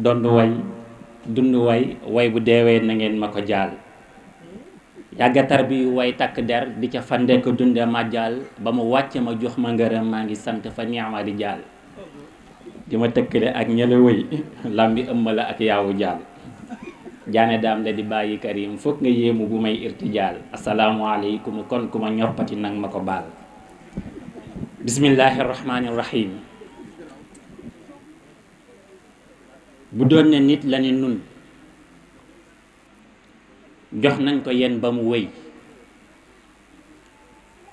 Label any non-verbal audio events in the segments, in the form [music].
dond ah. way dund way way bu deewee na ngeen ma ko jaal yàgga bi way takk der di ca fande ko dunde ma jaal ba mu wàcce ma jox ma ngërëm maa ngi sant fa neexma di jaal di ma tëkkale ak ñela [laughs] wëy ëmb la ak yaawu jaal jaane daam la di bàyyi karim foog nga yéemu bu may irtijaal asalaamualeykum kon ku ma ñoppati nag ma ko baal bismillahi rahmaani rahim bu doon ne nit la ne nun jox nañ ko yenn ba mu wéy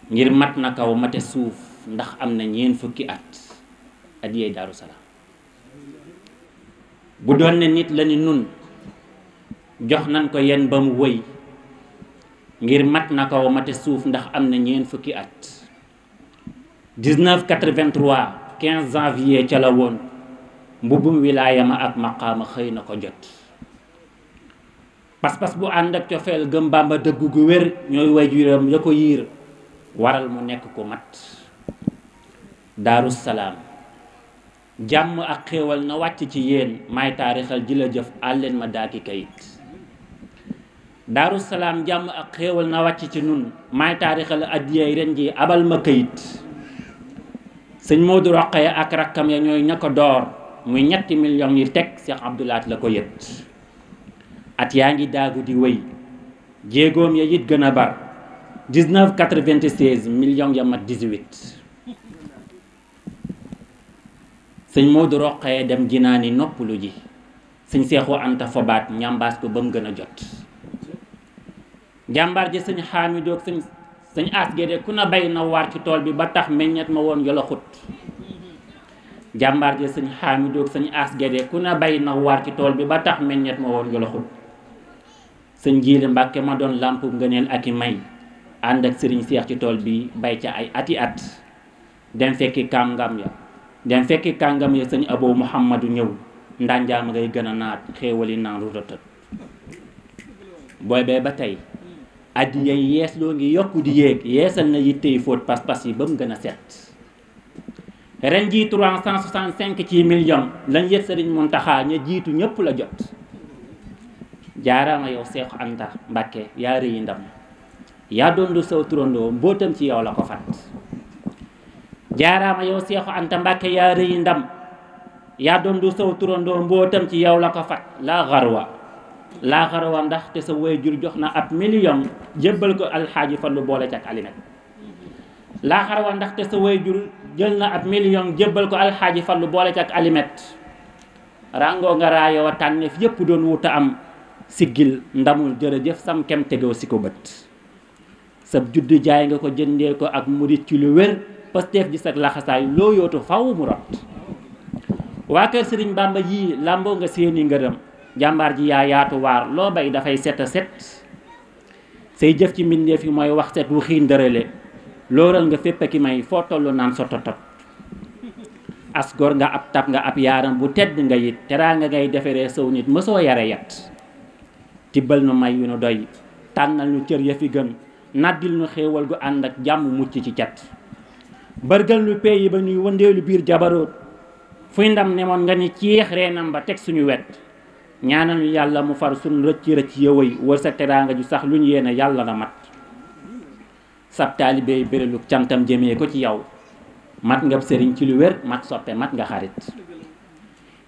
ngir mat na kaw mate suuf ndax am na ñeen fukki at at yeey daaru salaam bu doon ne nit la ni nun jox nañ ko yenn ba mu wéy ngir mat na kaw mate suuf ndax am na ñeen fukki at 1983 15 janvier ca la woon mbubbum wilaaya ma ak maqaama xëy na ko jot pas-pas bu ànd ak cofeel gëm Bàmba dëggu gu wér ñooy waajuram ya ko yiir waral mu nekk ku mat daaru jàmm ak xéewal na wàcc ci yéen may taarixal ji ma daaki kayit salaam jàmm ak xéewal na wàcc ci nun may taarixal addiyay ren abal ma kayit sëñ Moodu Roqaya ak rakkam ya ñooy ña ko door muy ñetti millions yi teg Cheikh Abdoul Ahad la ko yët at yaa ngi daagu di wéy jéegoom ya it gën a bar 19 96 millions ya mat 18 sëñ Modou Roqee dem ginaani noppalu ji sëñ Seexu Anta Fobaat ñambaas ko ba mu gën a jot jàmbaar ji sëñ Xaamidoog sëñ sëñ Asgede ku na bay na waar ci tool bi ba tax meññet ma woon yolo jàmbaar ja sëñ xaamidu ak as aas ku ne bay na waar ci tool bi ba tax meññet ma woon joloxul sëñ jiili mbàkke ma doon làmp ngëneel ak i may ànd ak sëriñ seex ci tool bi bay ca ay ati at dem fekki kàngam ya dem fekki kàngam ya sëñ abou muhammadu ñëw ndànjaam ngay gën a naat xéewali naan rutatat booy bee ba tey aj yees loo ngi yokk di yéeg yeesal na yitte yi fóot pas-pas yi ba mu gën a set ren jii 365 ci million lañ yët sëriñ Muntaxa ña jiitu ñëpp la jot jaaraama yow Seexu Anta Mbàkke yaa rëyi ndam yaa doon lu saw turandoo mbootam ci yow la ko fat jaaraama Anta Mbàkke yaa rëyi ndam yaa doon lu saw turandoo mbootam ci yow la ko fat laa xarwa laa xarwa ndax te sa waajur jox na ab million jébbal ko alxaaji Fallu boole cak alimet laa xarwa ndax te sa waajur jël na ab million jébbal ko alxaaji fallu boole ci ak alimet ràngoo nga raayoo tànneef yépp doon wuta am siggil ndamul jërëjëf sam kem tegoo si ko bët sa juddu jaay nga ko jëndee ko ak murit ci lu wér pasteef ji sag laxasaay loo yootu faw mu rot waa kër sëriñ bàmba yii làmboo nga seeni ngërëm jàmbaar ji yaa yaatu waar loo bay dafay set a set say jëf ci mbindeef yi mooy wax set wu xiin dërale looral nga fépp ki may foo toll naan sa totot as gor nga ab tab nga ab yaaram bu tedd nga yit teraa ngay defaree saw nit mësoo yare yat tibbal nu may yu nu doy tànnal nu cër ya fi gën naddil nu xéewal gu ànd ak jàmm mucc ci cat bërgal nu pey yi ba ñuy wëndeelu biir jabaroot fuy ndam ne moon nga ni ciix reenam ba teg suñu wet ñaanal ñu yàlla mu far suñ rëcc rëcc yëwëy wër sa teraanga ju sax lu ñu yéene yàlla la mat sab taalibe yi bérélu cantam jëmee ko ci yow mat nga sëriñ ci lu wér mat soppe mat nga xarit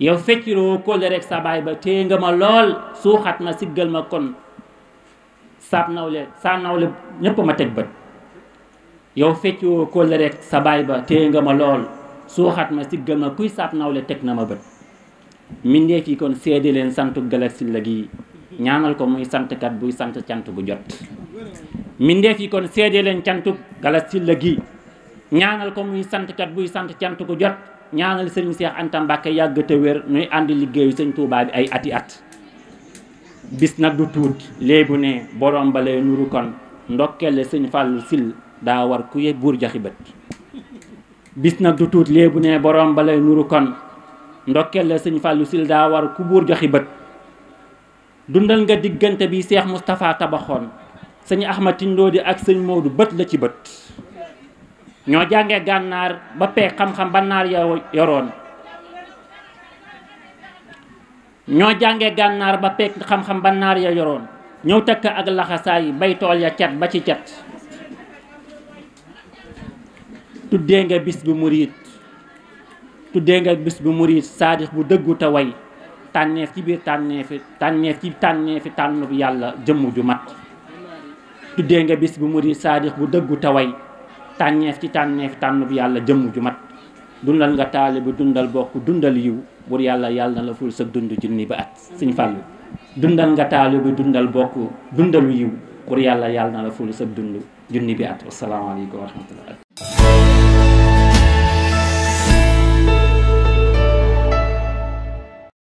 yow fecciroo kóllëre rek sa baay ba téye nga ma lool suuxat ma siggal ma kon sab nawle sa nawle ñépp ma teg bët yow fecciroo kóllëre rek sa baay ba téye nga ma lool suuxat ma siggal ma kuy sab nawle teg na ma bët mindee fii kon seede leen santu Galaxy la gi ñaanal ko muy sant kat buy sant cant bu jot mindeef yi kon seede leen cantuk Galass Sylla gi ñaanal ko muy santkat buy sant cant ko jot ñaanal sëriñ Seex Anta Mbàkke yàgg te wér nuy ànd liggéeyu sëñ Tuubaa bi ay ati at bis nag du tuut léebu ne borom ba lay nuru kon ndokkele sëñ Fàllu buur jaxi bët bis tuut léebu ne borom ba kon ndokkele sëñ Fàllu Sylla daa war ku buur joxi bët dundal nga diggante bi Seex mustafaa tabaxoon sëñ Ahmad Tindoodi ak sëñ Moodu bët la ci bët ñoo jànge gànnaar ba peeg xam-xam ba ya yoroon ñoo jàngee gànnaar ba peeg ba naar ya yoroon ñëw takk ak laxasaay bay tool ya cat ba ci cat tuddee nga bis bu murit tuddee nga bis bu murit saadix bu dëggu te way tànneef ci biir tànneefi tànneef ci tànneefi tànn bu yàlla jëmm ju mat tuddee nga bis bu murid saadix bu dëggu taway tànneef ci tànneef tànnub yàlla jëmm ju mat dundal nga taali bu dundal bokk dundal yiw bur yàlla yàlla na la ful sa dund junni ba at sëñ Fallu dundal nga taali bu dundal bokk dundal yiw bur yàlla yàlla na la ful sa dund junni bi at wasalaamaaleykum wa rahmatullah